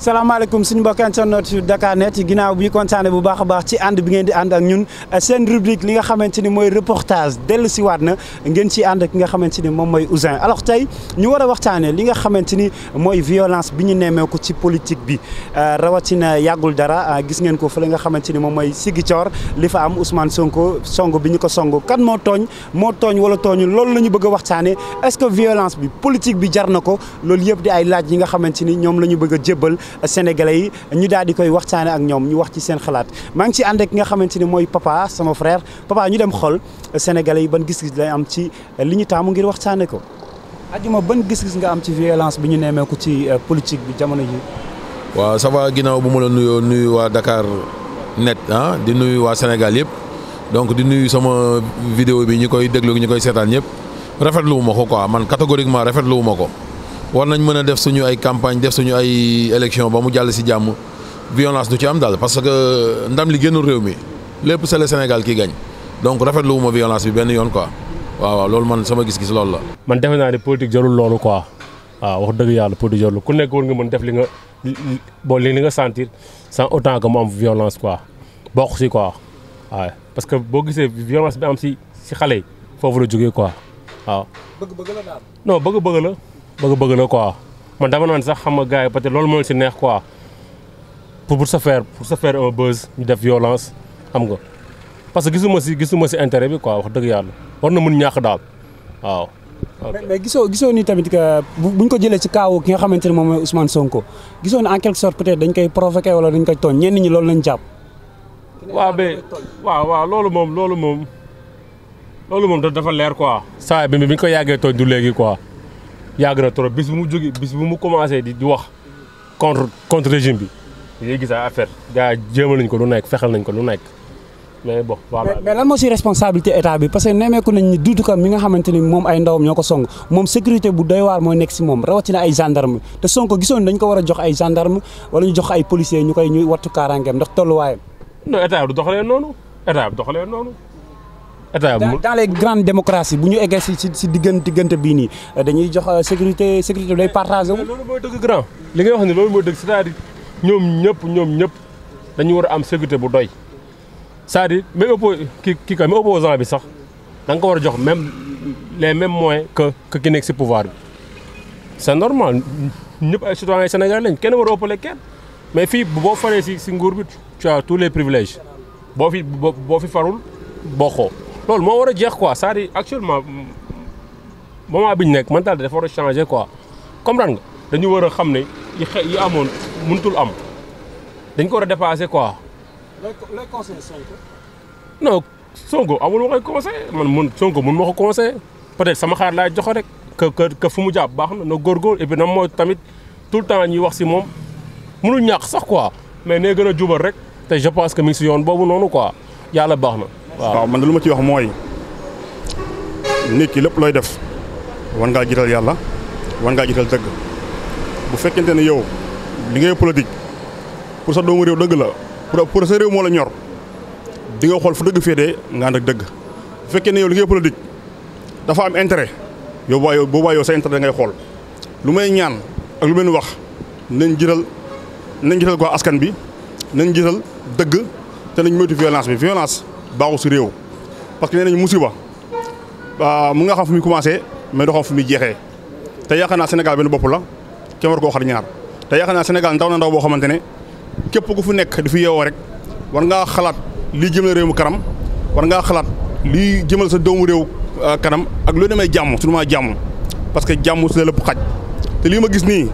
salaamaaleykum suñu mbokk internet yu Dakar Net ginnaaw bi ñu bu baax a baax ci ànd bi ngeen di ànd ak ñun seen rubrique li nga xamante ni mooy reportage dellu si waat na ngeen ci ànd ki nga xamante ni moom mooy Ouzin alors tey ñu war a waxtaanee li nga xamante ni mooy violence bi ñu nemmeeku ci politique bi euh, rawatina yàggul dara euh, gis ngeen ko fa li nga xamante ni moom mooy Ziguinchor li fa am Ousmane Sonko song bi ñu ko song kan moo tooñ moo tooñ wala tooñu loolu la ñu bëgg a waxtaanee ce que violence bi politique bi jar na ko loolu yëpp di ay laaj yi nga xamante ni ñoom la ñu bëgg a jébbal sénégalais yi ñu daal di koy waxtaane ak ñoom ñu wax ci seen xalaat maa ngi ci ànd ki nga xamante ni mooy papa sama frère papa ñu dem xool sénégalais yi ban gis-gis lay am ci li ñu taamu ngir waxtaane ko ajuma ban gis-gis nga am ci violence bi ñu nemmeeku ci euh, politique bi jamono ji waaw ça ginnaaw bu ma la nuyoo nuyu waa dakaar net ah di nuyu waa Sénégal yëpp donc di nuyu sama vidéo bi ñu koy déglu ñu koy seetaan ñëpp rafetlu wu ma ko ko man catégoriquement rafetlu wu ma ko war nañ mën a def suñu ay campagne def suñu ay élection ba mu jàll si jàmm violence du ci am daal parce que ndam li génnul réew mi lépp c'est Sénégal qui gagne donc rafetlu wu ma violence bi benn yoon quoi waaw waaw loolu man sama gis-gis loolu la. man defe naa ne politique jarul loolu quoi waaw wax dëgg yàlla politique jarul ku nekk war nga mën def li nga bon li nga sentir sans autant que mu am violence quoi bokk si quoi waaw parce que boo gisee violence bi am si si xale yi foofu la jógee quoi waaw. bëgg-bëgg la bëgg-bëgg la. bëgg-bëgg la quoi man dama naan sax xam nga gars yi peut-être loolu moo si neex quoi pour pour se faire pour se faire un buzz ñu def violence xam nga parce que gisuma si gisuma si intérêt bi quoi wax dëgg yàlla war na mun ñàkk daal waaw. mais gisoo gisoo ni tamit que buñ ko jëlee si kaaw ki nga xamante ne moom mooy Ousmane Sonko gisoo ni en quelque sorte peut-être dañ koy provoquer wala dañ koy tooñ ñenn ñi lool lañ jàpp. waaw mais waaw waaw loolu moom loolu moom loolu moom dafa leer quoi. saa bi bi ñu ko yàggee tooñ léegi quoi. yàgg na trop bis bu mu jógee bis bu mu commencé di wax contre contre régime bi yéen gis naa affaire gars jéemal nañ ko lu nekk fexel nañ ko lu nekk mais bon. voilà mais lan moo si responsabilité état bi parce que nemmeeku nañ ni Doudou Ka mi nga xamante ni moom ay ndawam ñoo ko song moom sécurité bu doy waar mooy nekk si moom rawatina ay gendarme te Sonko gisoon dañ ko war a jox ay gendarme wala ñu jox ay policiers ñu koy ñuy wattu kaaraangeem ndax tolluwaayam. non état du doxalee état dans les grandes démocraties bu ñu eggee si si diggante diggante bii nii euh, dañuy jox euh, sécurité sécurité day partagé wu. loolu mooy dëgg grand li ngay wax ni loolu mooy dëgg cest à ñoom ñëpp ñoom ñëpp dañu war am sécurité bu doy c'est-à-dire même oppo ki kii quoi même opposant bi sax da ko war a jox même les mêmes moyens que que nekk si pouvoir bi c'est normal ñëpp ay citoyens sénégalais lañ kenn war a ëppale kenn mais fii boo faree si si nguur bi tu as tous les privilèges boo fi boo fi farul bokkoo. loolu moo war a jeex quoi c'est-à-dire actuellement moment bi ñu nekk mentalité dafa war a changer quoi comprendre nga dañu war a xam ne yi xe yi amoon mënutul am dañ ko war a dépasser quoi. lay lay conseillé Sonko. non Sonko amul ma koy conseillé man mun Sonko mun ma ko conseillé peut-être sama xaar laay joxe rek que fu mu jàpp baax na na góor góor puis na mooy tamit tout le temps ñuy wax si moom munu ñàkk sax quoi mais nee gën a jubal rek te je pense que mi ngi si yoon boobu noonu quoi yàlla baax na. waaw man lu ma ci wax mooy nit ki lépp looy def war ngaa jiital yàlla war ngaa jiital dëgg bu fekkente ne yow li ngay politique pour sa doomu réew dëgg la pour sa réew moo la ñor di nga xool fu dëgg féetee nga ak dëgg bu fekkee ne yow li ngay politique dafa am intere yow boo boobaa yow sa intérêt ngay xool lu may ñaan ak lu mel ni wax nañ jiital nañ jiital ko askan bi nañ jiital dëgg te nañ moytu violence bi violence. baaxul si réew parce que nee nañu musiba ah, mu nga xam fu muy commencé mais doo fu muy jeexee te yaakaar naa Sénégal benn bopp la kenn war koo xar ñaar te yaakaar Sénégal ndaw na ndaw boo xamante ne képp ku fu nekk di fi yeewoo rek war ngaa xalaat lii jëmale réew mu kanam war ngaa xalaat lii jëmal sa doomu réew ah, kanam ak loo demee jàmm su ma jàmm parce que jàmm su la lépp xaj te lii ma gis nii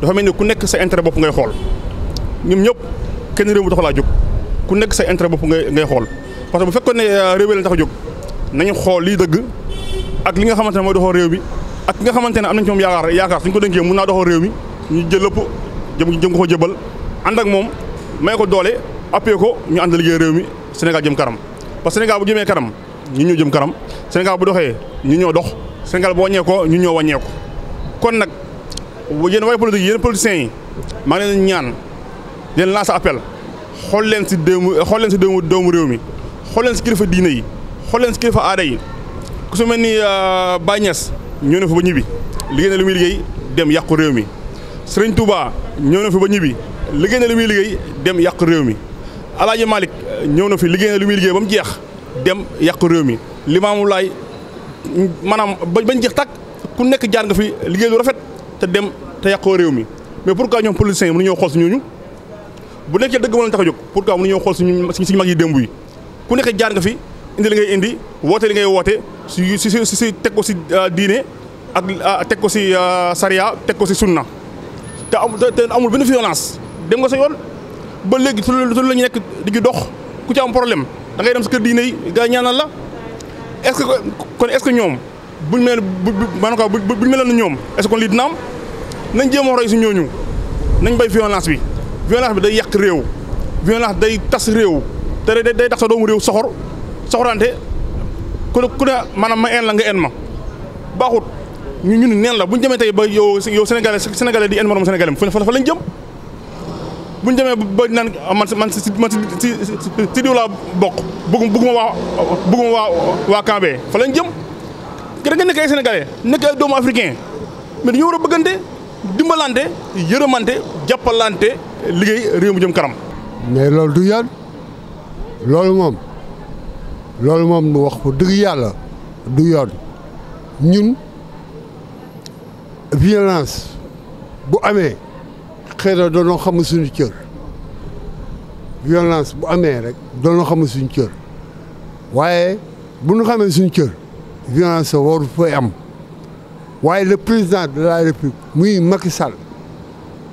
dafa mel ni ku nekk sa intérêt bopp ngay xool ñoom ñëpp kenn réew mu tax laa jóg ku nekk sa intérêt bopp ngay ngay parce que bu fekkoon ne euh, réew mi lañ tax a jóg dëgg ak li nga xamante ne mooy doxal réew mi ak ki nga xamante ne am nañ ci moom yaakaar yaakaar suñ ko dénkee mun naa doxal réew mi ñu jël lépp jëm jëm ko fa jëbal ànd ak moom may ko doole appuyé ko ñu ànd liggéey réew mi Sénégal jëm karam parce que Sénégal bu jëmee karam ñu ñoo jëm karam Sénégal bu doxee ñu ñoo dox Sénégal bu wàññeekoo ñu ñoo wàññeeku kon nag yéen waaye politique yéen politiciens yi maa ngi leen ñaan leen lancer appel xool leen si doomu xool leen si doomu doomu réew mi xool leen si kilifa diine yi xool leen si kilifa aada yi ku su mel ni euh, Baye Niass ñëw na fa ba ñibbi liggéey na li muy liggéey dem yàqu réew mi Serigne Touba ñëw na fi ba ñibbi liggéey na li muy liggéey dem yàqu réew mi El malik euh, ñëw na fi liggéey na li muy liggéey ba mu jeex dem yàqu réew mi Limaamu Laay maanaam bañ jeex tàkk ku nekk jaar nga fi liggéey lu rafet te dem te yàqoo réew mi mais pourquoi ñoom politiciens yi mënuñoo xool si ñooñu bu nekkee dëgg moo leen tax a jóg pourquoi mënuñoo xool si suñu mag yi démb yi. ku nekk jaar nga fi indi li ngay indi woote li ngay woote su si si si teg ko si euh, diine ak euh, teg ko si euh, sariya teg ko si na te amul benn violence dem nga sa yoon ba léegi su loolu la ñu nekk di dox ku ci am problème da ngay dem si kër diine yi gaa ñaanal la est-ce que kon est-ce que ñoom buñ mel maanaam buñ meloon na ñoom est-ce que kon lii dina nañ jéem a roy si ñooñu nañ bay violence bi violence bi day yàq réew violence day tas réew. te day tax sa doomu réew soxor soxorante ku ne ku ne maanaam ma en la nga en ma baaxut ñu ñu neen la bu ñu demee tey ba yow yow sénégalais sénégalais di en morom sénégalais fa fa lañ demee ba naan man man si man si si diw laa bokk bëgguma bëgguma waa bëgguma waa waa Kambé fa lañ jëm da nga nekk ay sénégalais nekk ay doomu africain mais dañoo war a bëggante dimbalante yërëmante jàppalante liggéey réew mu jëm kanam mais loolu du yoon loolu moom loolu moom nu wax dëgg yàlla du yoon ñun violence bu amee xëy na doonoo xamul suñu cër violence bu amee rek doonoo xamul suñu cër waaye bu nu xamee suñu cër violence waru fay am waaye le président de la république muy Macky Sall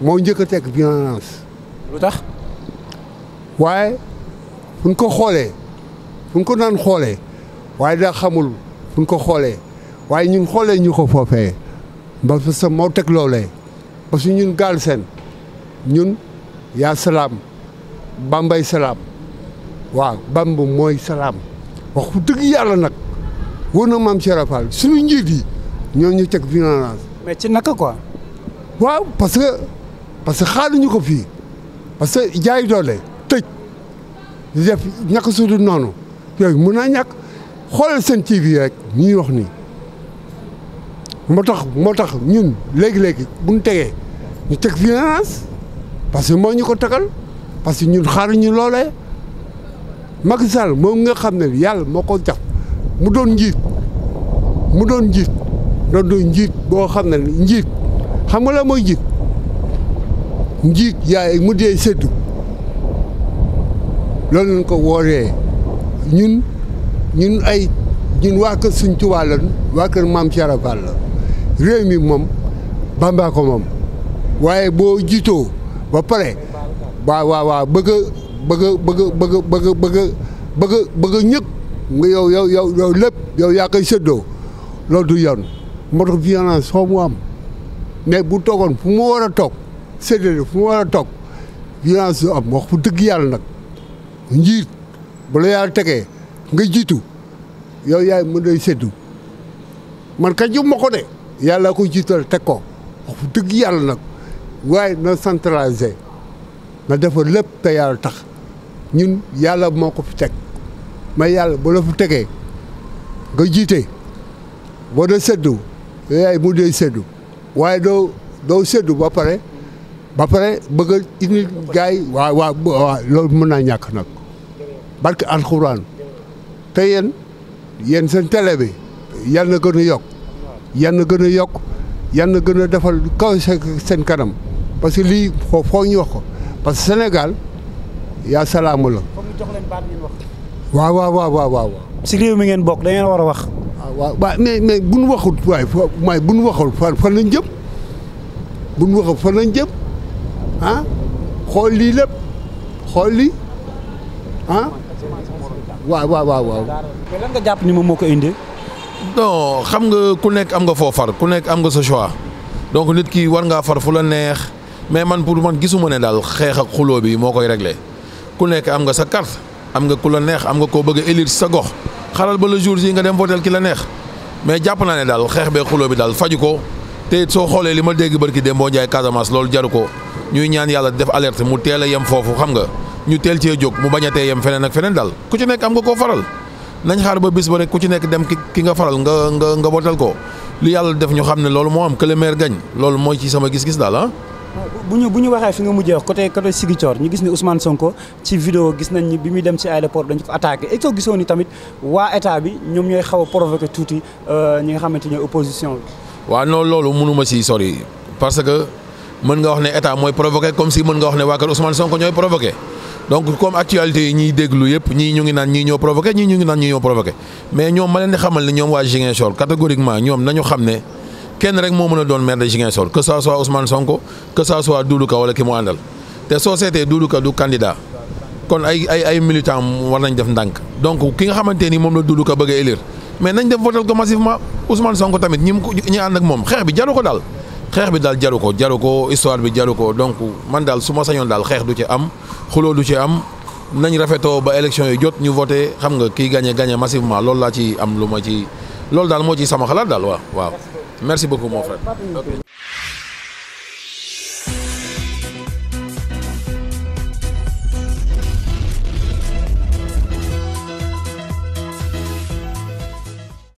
moo njëkk a teg lu tax waaye. fu ko xoolee fu ko naan xoolee waaye daa xamul fu ko xoolee waaye ñun xoolee ñu ko foofee ba sa moo teg loolee parce ñun gaal seen ñun yaa salaam bambay salaam waaw bamb mooy salaam wax dëgg yàlla nag wóor na maam Cheikh Fall suñu njiit yi ñoo ñu teg finance mais ci naka quoi waaw parce que parce que xaaruñu ko fii parce que jaay doole di def ñàkk suudu noonu yooyu mun naa ñàkk xool seen TV rek ñuy wax nii moo tax moo tax ñun léegi-léegi bu ñu tegee ñu teg finance parce que moo ñu ko tegal parce que ñun ñu loolee Macky Sall moom nga xam ne yàlla moo ko jax mu doon njiit mu doon njiit doon doon njiit boo xam ne njiit xam nga la mooy njiit njiit yaay mu dee séddu loolu lañ ko wooree ñun ñun ay ñun waa kër Sëñ Tuubaa la waa kër Maam Cheikh Fall la réew mi moom Bamba ko moom waaye boo jiitoo ba pare waaw waaw waaw bëgg a nga yow yow yow yow lépp yow yaa koy séddoo loolu du yoon moo tax violence foo mu am mais bu toogoon fu mu war a toog séddale fu mu war a toog violence du am fu dëgg yàlla nag njiit bu la tegee nga jiitu yow yaay mën day séddu man ka jub ma de yàlla ko jiital teg ko wax dëgg yàlla nag waaye na centralisé na defar lépp te yàlla tax ñun yàlla moo ko fi teg ma yàlla bu la tegee nga jiite boo dee séddu yow yaay mën day séddu waaye doo doo séddu ba pare ba pare bëgg a indi gars yi waaw waaw waaw loolu mën naa ñàkk nag barke alxuraan te yéen yéen seen télé bi yal na gën a yokk yal na gën a yokk yal na gën defal kaw seen kanam parce que lii foo foo wax ko parce que Sénégal yaa salaamu la. waaw waaw waaw waaw waaw. si réew mi ngeen bokk da war a wax. Ah, waaw waaw mais mais bu ñu waxul waaye fo waaye bu fan fan lañ jëm bu fan lañ ah? xool lii lépp xool lii ah? waaw waaw waaw waaw. mais moom moo ko indi. xam nga ku nekk am nga foo ku nekk am nga sa choix donc nit kii war ngaa far fu la neex mais man pour man gisuma ne daal xeex ak xuloo bi moo koy réglé ku nekk am nga sa carte am nga ku la neex am nga koo bëgg a sa gox xaral ba la jour ji nga dem votel ki la neex mais jàpp naa ne daal xeex bee xuloo bi daal faju ko te it soo xoolee li ma dégg barki dem boo jaay Casamance loolu jaru ko ñuy ñaan yàlla def alerte mu teel a yem foofu xam nga. ñu teel cee jóg mu bañ a tee yem feneen ak feneen daal ku ci nekk am nga koo faral nañ xaar ba bis ba rek ku ci nekk dem ki nga faral nga nga nga botal ko li yàlla def ñu xam ne loolu moo am que gañ loolu mooy ci sama gis-gis daal ah. bu ñu bu ñu waxee fi nga mujjee wax côté côté Ziguinchor ñu gis ni Ousmane Sonko gis nañ ni bi muy dem ci aéroport dañu ko attaqué et que tamit waa état bi ñoom ñooy xaw a provoqué tuuti euh, ñi nga xamante ne opposition bi. waaw loolu mënu ma si sori parce que mën nga wax ne état mooy provoqué comme si mën nga wax ne waa kër Ousmane ñooy provoqué. donc comme actualité yi ñuy déglu yëpp ñi ñu ngi naan ñii ñoo provoqué ñii ñu ngi naan ñii ñoo provoqué mais ñoom ma leen di xamal ne ñoom waa Ziguinchor catégoriquement ñoom nañu xam ne kenn rek moo mën a doon maire de Ziguinchor que ça soit Ousmane Sonko que ça soit Doudou Ka ki mu àndal te soo seetee Doudou du candidat kon ay ay ay war nañ def ndànk donc ki nga xamante ni moom la Doudou Ka bëgg a élire mais nañ dem voté ko massivement Ousmane Sonko tamit ñi ñi ànd ak moom xeex bi jaru ko daal xeex bi daal jaru ko jaru ko histoire bi jaru ko donc man daal su ma sañoon daal xeex du ci am xuloo du ci am nañ rafetoo ba élection yi jot ñu voté xam nga kii gagné gagné massivement loolu laa ci am lu ma ci lool daal moo ci sama xalaat daal waa waaw merci beaucoup moo frère